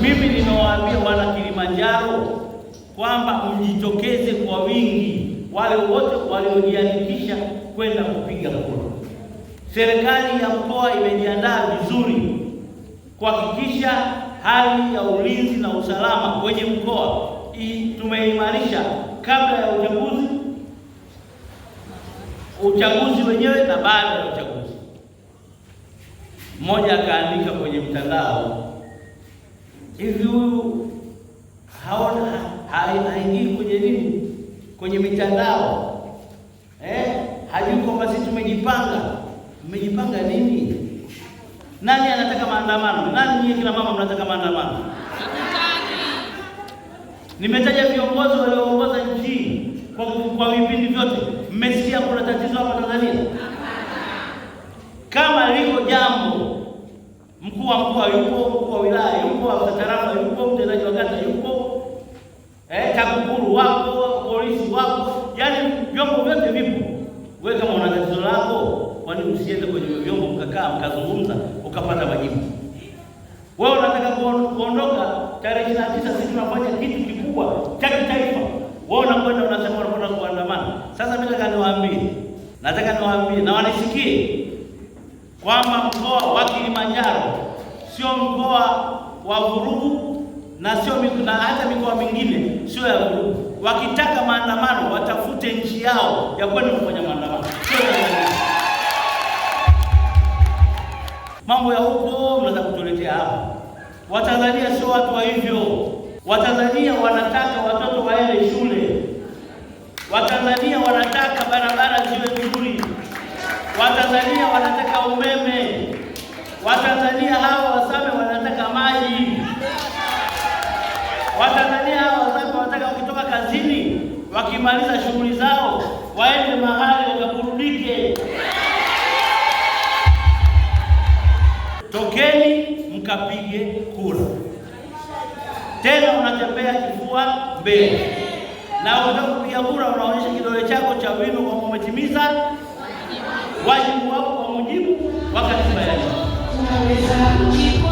Mimi nimewaambia wana Kilimanjaro kwamba mjitokeze kwa wingi, wale wote waliojiandikisha kwenda kupiga kura. Serikali ya mkoa imejiandaa vizuri kuhakikisha hali ya ulinzi na usalama kwenye mkoa tumeimarisha kabla ya uchaguzi, uchaguzi wenyewe na baada ya uchaguzi. Mmoja akaandika kwenye mtandao hivi huyu haona haingii kwenye nini, kwenye mitandao eh? Hajui kwamba sisi tumejipanga. Mmejipanga nini? Nani anataka maandamano? Nani nyinyi kina mama mnataka maandamano? Nimetaja viongozi walioongoza nchi kwa kwa vipindi vyote. Mmesikia kuna tatizo hapa Tanzania? Kama liko jambo mkuu wa mkoa yupo, mkuu wa wilaya yupo, wa tarafa yupo, mtendaji wa kata yupo, eh, TAKUKURU wapo, polisi wapo, yaani vyombo vyote vipo. Wewe kama una tatizo lako, kwani usiende kwenye vyombo mkakaa mkazungumza ukapata majibu? Wewe unataka kuondoka tarehe 29 sisi tunafanya kitu kikubwa cha kitaifa, wewe unakwenda unasema unakwenda kuandamana. Sasa mimi nataka niwaambie, nataka niwaambie na wanisikie kwamba mkoa wa Kilimanjaro sio mkoa wa vurugu na sio na hata mikoa mingine sio ya vurugu. Wakitaka maandamano watafute nchi yao ya kwenda kufanya maandamano, sio mambo ya huko mnaweza kutuletea hapa. Watanzania sio watu wa hivyo. Watanzania wanataka watoto waende shule. Watanzania wanataka barabara ziwe nzuri. Watanzania wanataka umeme, Watanzania hawa wasame wanataka maji, Watanzania hawa wasame wanataka wakitoka kazini, wakimaliza shughuli zao waende mahali wakaburudike. Tokeni mkapige kura, tena unatembea kifua mbele na unataka kupiga kura, unaonyesha kidole chako cha wino kwamba umetimiza atravessar o tipo